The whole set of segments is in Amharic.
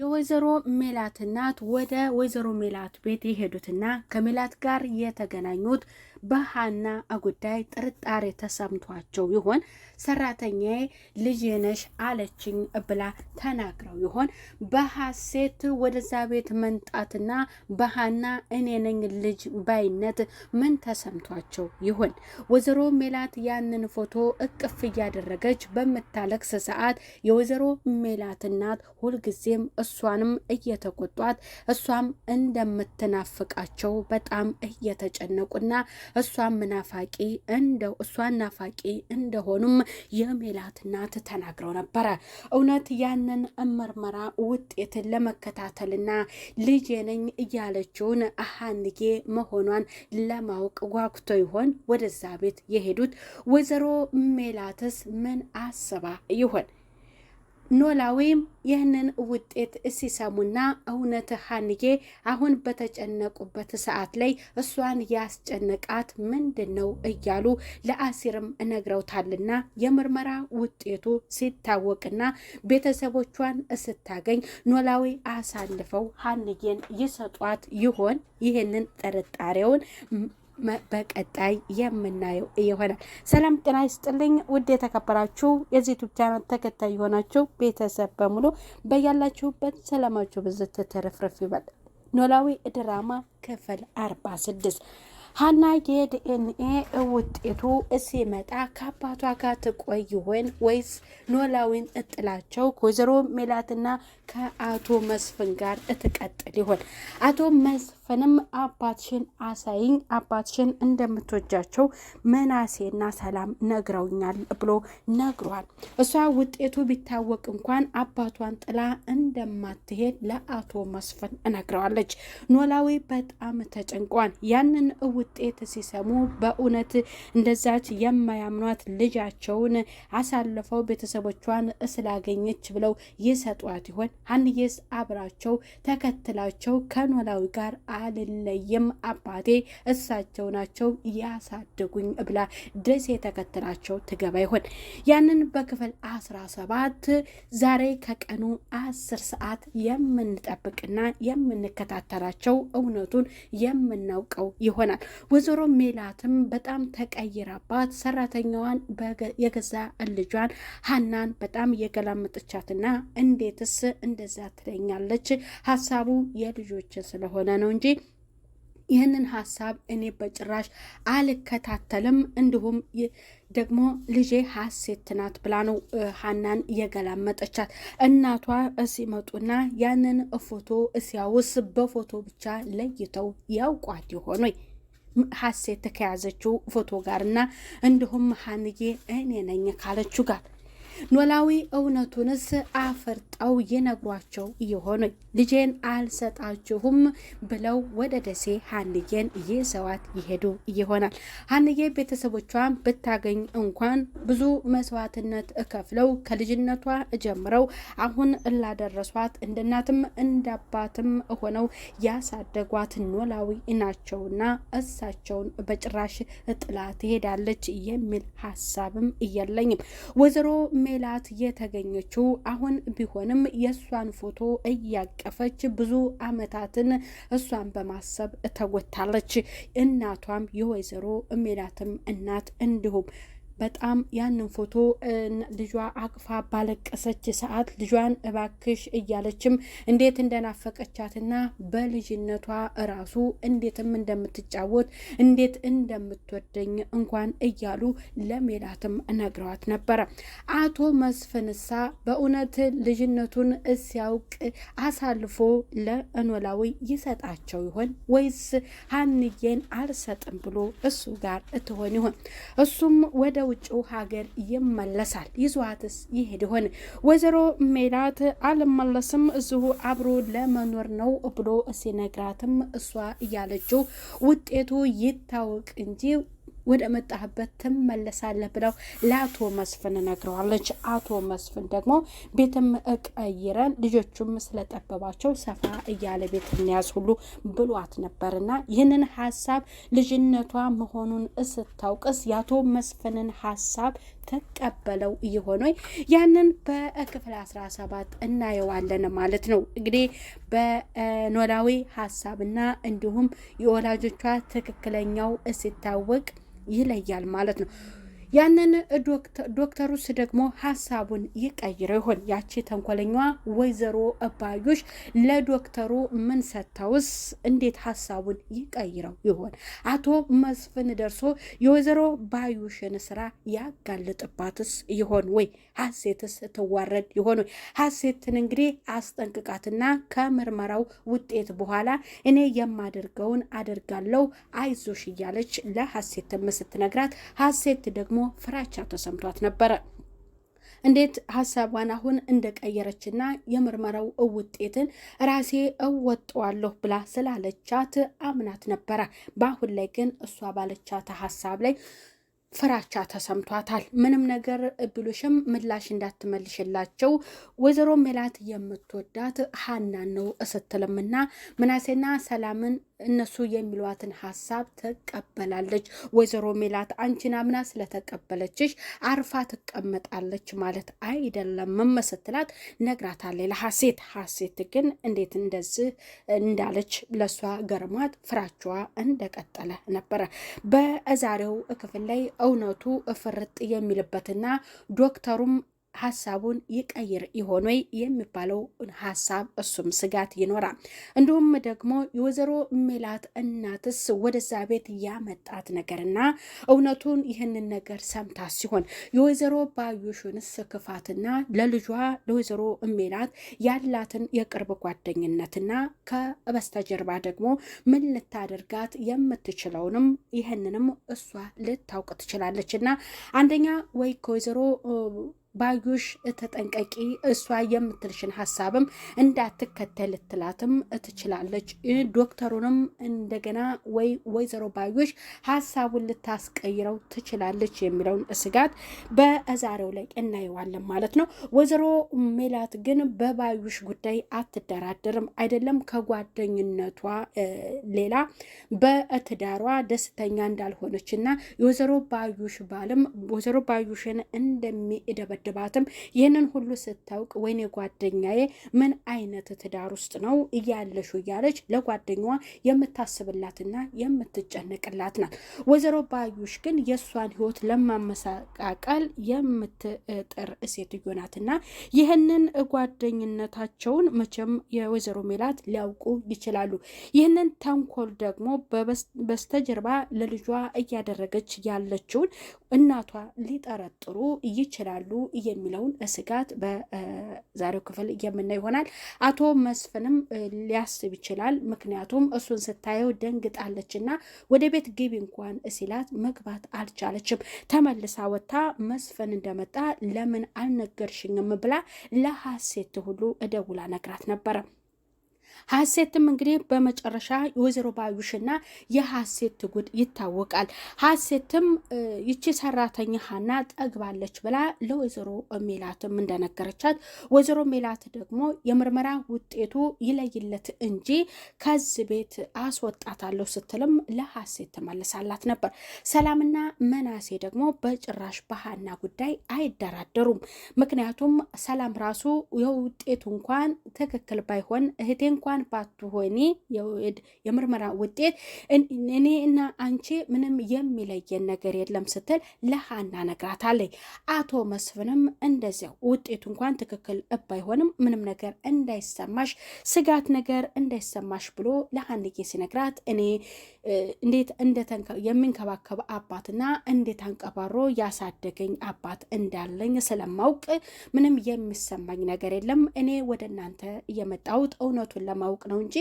የወይዘሮ ሜላት እናት ወደ ወይዘሮ ሜላት ቤት የሄዱትና ከሜላት ጋር የተገናኙት በሀና ጉዳይ ጥርጣሬ ተሰምቷቸው ይሆን? ሰራተኛዬ ልጄ ነሽ አለችኝ ብላ ተናግረው ይሆን? በሀሴት ወደዛ ቤት መንጣትና በሀና እኔ ነኝ ልጅ ባይነት ምን ተሰምቷቸው ይሆን? ወይዘሮ ሜላት ያንን ፎቶ እቅፍ እያደረገች በምታለቅስ ሰዓት የወይዘሮ ሜላት እናት ሁልጊዜም እሷንም እየተቆጧት እሷም እንደምትናፍቃቸው በጣም እየተጨነቁና እሷም ናፋቂ እንደው እሷ ናፋቂ እንደሆኑም የሜላት እናት ተናግረው ነበረ። እውነት ያንን ምርመራ ውጤት ለመከታተልና ልጄ ነኝ እያለችውን ሀንጌ መሆኗን ለማወቅ ጓጉቶ ይሆን ወደዛ ቤት የሄዱት? ወይዘሮ ሜላትስ ምን አስባ ይሆን? ኖላዊም ይህንን ውጤት ሲሰሙና እውነት ሀንዬ አሁን በተጨነቁበት ሰዓት ላይ እሷን ያስጨነቃት ምንድን ነው እያሉ ለአሲርም ነግረውታልና የምርመራ ውጤቱ ሲታወቅና ቤተሰቦቿን ስታገኝ ኖላዊ አሳልፈው ሀንዬን ይሰጧት ይሆን? ይህንን ጥርጣሬውን በቀጣይ የምናየው ይሆናል። ሰላም ጤና ይስጥልኝ ውድ የተከበራችሁ የዚህ ዩቱብ ቻናል ተከታይ የሆናችሁ ቤተሰብ በሙሉ በያላችሁበት ሰላማችሁ ብዝት ተረፍረፍ ይበል። ኖላዊ ድራማ ክፍል አርባ ስድስት ሀና የዲኤንኤ ውጤቱ ሲመጣ ከአባቷ ጋር ትቆይ ይሆን ወይስ ኖላዊን እጥላቸው ከወይዘሮ ሜላትና ከአቶ መስፍን ጋር እትቀጥል ይሆን? አቶ መስፍንም አባትሽን አሳይኝ፣ አባትሽን እንደምትወጃቸው መናሴና ሰላም ነግረውኛል ብሎ ነግሯል። እሷ ውጤቱ ቢታወቅ እንኳን አባቷን ጥላ እንደማትሄድ ለአቶ መስፍን እነግረዋለች። ኖላዊ በጣም ተጨንቋል። ያንን ውጤት ሲሰሙ በእውነት እንደዛች የማያምኗት ልጃቸውን አሳልፈው ቤተሰቦቿን ስላገኘች ብለው ይሰጧት ይሆን? ሀንዬስ አብራቸው ተከትላቸው ከኖላዊ ጋር አልለይም አባቴ እሳቸው ናቸው ያሳደጉኝ ብላ ደሴ ተከትላቸው ትገባ ይሆን? ያንን በክፍል አስራ ሰባት ዛሬ ከቀኑ አስር ሰዓት የምንጠብቅና የምንከታተላቸው እውነቱን የምናውቀው ይሆናል። ወይዘሮ ሜላትም በጣም ተቀይራባት ሰራተኛዋን የገዛ ልጇን ሀናን በጣም የገላመጠቻትና እንዴትስ እንደዛ ትለኛለች። ሀሳቡ የልጆች ስለሆነ ነው እንጂ ይህንን ሀሳብ እኔ በጭራሽ አልከታተልም። እንዲሁም ደግሞ ልጄ ሀሴት ናት ብላ ነው ሀናን የገላመጠቻት። እናቷ ሲመጡና ያንን ፎቶ ሲያውስ በፎቶ ብቻ ለይተው ያውቋት ይሆኑ? ሀሴት ከያዘችው ፎቶ ጋርና እንዲሁም ሀንዬ እኔ ነኝ ካለችው ጋር ኖላዊ እውነቱንስ አፈርጠው ይነግሯቸው ይሆኑ? ልጄን አልሰጣችሁም ብለው ወደ ደሴ ሀንዬን ይዘዋት ይሄዱ ይሆናል። ሀንዬ ቤተሰቦቿን ብታገኝ እንኳን ብዙ መስዋዕትነት ከፍለው ከልጅነቷ ጀምረው አሁን ላደረሷት እንደ እናትም እንዳባትም ሆነው ያሳደጓት ኖላዊ ናቸውና እሳቸውን በጭራሽ ጥላ ትሄዳለች የሚል ሀሳብም የለኝም። ወይዘሮ ሜላት የተገኘችው አሁን ቢሆንም የእሷን ፎቶ እያቀፈች ብዙ አመታትን እሷን በማሰብ ተጎታለች። እናቷም የወይዘሮ ሜላትም እናት እንዲሁም በጣም ያንን ፎቶ ልጇ አቅፋ ባለቀሰች ሰዓት ልጇን እባክሽ እያለችም እንዴት እንደናፈቀቻትና በልጅነቷ እራሱ እንዴትም እንደምትጫወት እንዴት እንደምትወደኝ እንኳን እያሉ ለሜላትም ነግረዋት ነበረ። አቶ መስፍንሳ በእውነት ልጅነቱን እሲያውቅ አሳልፎ ለኖላዊ ይሰጣቸው ይሆን ወይስ ሀንዬን አልሰጥም ብሎ እሱ ጋር እትሆን ይሆን? እሱም ወደ ውጭው ሀገር ይመለሳል? ይዟትስ ይሄድ ይሆን? ወይዘሮ ሜላት አልመለስም እዚሁ አብሮ ለመኖር ነው ብሎ ሲነግራትም እሷ እያለችው ውጤቱ ይታወቅ እንጂ ወደ መጣህበት ትመለሳለህ ብለው ለአቶ መስፍን ነግረዋለች። አቶ መስፍን ደግሞ ቤትም እቀይረን ልጆቹም ስለጠበባቸው ሰፋ እያለ ቤት እንያዝ ሁሉ ብሏት ነበርና ይህንን ሀሳብ ልጅነቷ መሆኑን ስታውቅስ የአቶ መስፍንን ሀሳብ ተቀበለው እየሆነ ያንን በክፍል ሰባት እናየዋለን ማለት ነው። እንግዲህ በኖላዊ ሀሳብና እንዲሁም የወላጆቿ ትክክለኛው ሲታወቅ ይለያል ማለት ነው። ያንን ዶክተሩስ ደግሞ ሀሳቡን ይቀይረው ይሆን? ያቺ ተንኮለኛዋ ወይዘሮ እባዩሽ ለዶክተሩ ምን ሰጥተውስ እንዴት ሀሳቡን ይቀይረው ይሆን? አቶ መስፍን ደርሶ የወይዘሮ ባዮሽን ስራ ያጋልጥባትስ ይሆን ወይ? ሀሴትስ ትዋረድ ይሆን ወይ? ሀሴትን እንግዲህ አስጠንቅቃትና ከምርመራው ውጤት በኋላ እኔ የማደርገውን አደርጋለው አይዞሽ እያለች ለሀሴትም ስትነግራት ሀሴት ደግሞ ፍራቻ ተሰምቷት ነበረ። እንዴት ሀሳቧን አሁን እንደቀየረችና የምርመራው ውጤትን ራሴ እወጠዋለሁ ብላ ስላለቻት አምናት ነበረ። በአሁን ላይ ግን እሷ ባለቻት ሀሳብ ላይ ፍራቻ ተሰምቷታል። ምንም ነገር ብሉሽም ምላሽ እንዳትመልሽላቸው ወይዘሮ ሜላት የምትወዳት ሀና ነው እስትልምና ምናሴና ሰላምን እነሱ የሚሏትን ሀሳብ ትቀበላለች። ወይዘሮ ሜላት አንቺን አምና ስለተቀበለችሽ አርፋ ትቀመጣለች ማለት አይደለም ስትላት ነግራታለች። ለሀሴት ሀሴት ግን እንዴት እንደዚህ እንዳለች ለእሷ ገርማት ፍራቸዋ እንደቀጠለ ነበረ። በዛሬው ክፍል ላይ እውነቱ እፍርጥ የሚልበትና ዶክተሩም ሀሳቡን ይቀይር ይሆን ወይ የሚባለው ሀሳብ እሱም ስጋት ይኖራል። እንዲሁም ደግሞ የወይዘሮ ሜላት እናትስ ወደዛ ቤት ያመጣት ነገርና እውነቱን ይህንን ነገር ሰምታት ሲሆን የወይዘሮ ባዩሽንስ ክፋትና ለልጇ ለወይዘሮ ሜላት ያላትን የቅርብ ጓደኝነትና ከበስተጀርባ ደግሞ ምን ልታደርጋት የምትችለውንም ይህንንም እሷ ልታውቅ ትችላለች እና አንደኛ ወይ ከወይዘሮ ባዩሽ ተጠንቀቂ፣ እሷ የምትልሽን ሀሳብም እንዳትከተል ትላትም ትችላለች። ዶክተሩንም እንደገና ወይ ወይዘሮ ባዩሽ ሀሳቡን ልታስቀይረው ትችላለች የሚለውን ስጋት በዛሬው ላይ እናየዋለን ማለት ነው። ወይዘሮ ሜላት ግን በባዩሽ ጉዳይ አትደራደርም። አይደለም ከጓደኝነቷ ሌላ በትዳሯ ደስተኛ እንዳልሆነች እና የወይዘሮ ባዩሽ ባልም ወይዘሮ ባዩሽን እንደሚደበ ቢደበድባትም ይህንን ሁሉ ስታውቅ ወይኔ ጓደኛዬ ምን አይነት ትዳር ውስጥ ነው እያለሹ እያለች ለጓደኛዋ የምታስብላትና የምትጨነቅላት ናት። ወይዘሮ ባዩሽ ግን የእሷን ህይወት ለማመሳቃቀል የምትጥር ሴትዮ ናትና ይህንን ጓደኝነታቸውን መቼም የወይዘሮ ሜላት ሊያውቁ ይችላሉ። ይህንን ተንኮል ደግሞ በስተጀርባ ለልጇ እያደረገች ያለችውን እናቷ ሊጠረጥሩ ይችላሉ የሚለውን ስጋት በዛሬው ክፍል የምና ይሆናል። አቶ መስፍንም ሊያስብ ይችላል። ምክንያቱም እሱን ስታየው ደንግጣለች እና ወደ ቤት ግቢ እንኳን ሲላት መግባት አልቻለችም። ተመልሳ ወጥታ መስፍን እንደመጣ ለምን አልነገርሽኝም ብላ ለሀሴት ሁሉ እደውላ ነግራት ነበረ። ሀሴትም እንግዲህ በመጨረሻ ወይዘሮ ባዩሽና የሀሴት ጉድ ይታወቃል። ሀሴትም ይቺ ሰራተኛ ሀና ጠግባለች ብላ ለወይዘሮ ሜላትም እንደነገረቻት፣ ወይዘሮ ሜላት ደግሞ የምርመራ ውጤቱ ይለይለት እንጂ ከዚ ቤት አስወጣታለሁ ስትልም ለሀሴት ትመልሳላት ነበር። ሰላምና መናሴ ደግሞ በጭራሽ በሀና ጉዳይ አይደራደሩም። ምክንያቱም ሰላም ራሱ የውጤቱ እንኳን ትክክል ባይሆን እህቴን እንኳን ባትሆኒ የምርመራ ውጤት እኔ እና አንቺ ምንም የሚለየን ነገር የለም ስትል ለሀና ነግራታለች። አቶ መስፍንም እንደዚያው ውጤቱ እንኳን ትክክል ባይሆንም ምንም ነገር እንዳይሰማሽ ስጋት ነገር እንዳይሰማሽ ብሎ ለሀንዬ ሲነግራት እኔ እንዴት የሚንከባከብ አባትና እንዴት አንቀባሮ ያሳደገኝ አባት እንዳለኝ ስለማውቅ ምንም የሚሰማኝ ነገር የለም። እኔ ወደ እናንተ እየመጣሁት እውነቱን ለማወቅ ነው እንጂ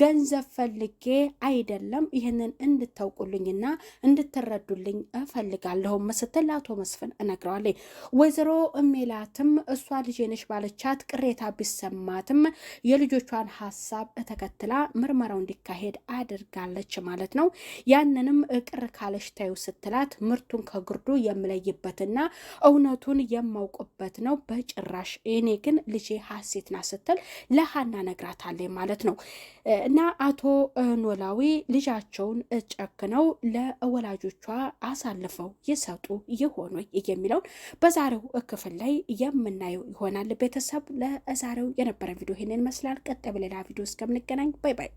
ገንዘብ ፈልጌ አይደለም። ይህንን እንድታውቁልኝና እንድትረዱልኝ እፈልጋለሁ ስትል አቶ መስፍን እነግረዋለኝ። ወይዘሮ ሜላትም እሷ ልጄ ነሽ ባለቻት ቅሬታ ቢሰማትም የልጆቿን ሀሳብ ተከትላ ምርመራው እንዲካሄድ አድርጋለች ማለት ነው። ያንንም ቅር ካለሽ ታዩ ስትላት ምርቱን ከግርዱ የምለይበትና እውነቱን የማውቅበት ነው። በጭራሽ እኔ ግን ልጄ ሀሴትና ስትል ለሀና ነግራታለች ማለት ነው። እና አቶ ኖላዊ ልጃቸውን ጨክነው ለወላጆቿ አሳልፈው ይሰጡ ይሆኑ የሚለውን በዛሬው ክፍል ላይ የምናየው ይሆናል። ቤተሰብ ለዛሬው የነበረ ቪዲዮ ይህንን ይመስላል። ቀጣይ በሌላ ቪዲዮ እስከምንገናኝ ባይ ባይ።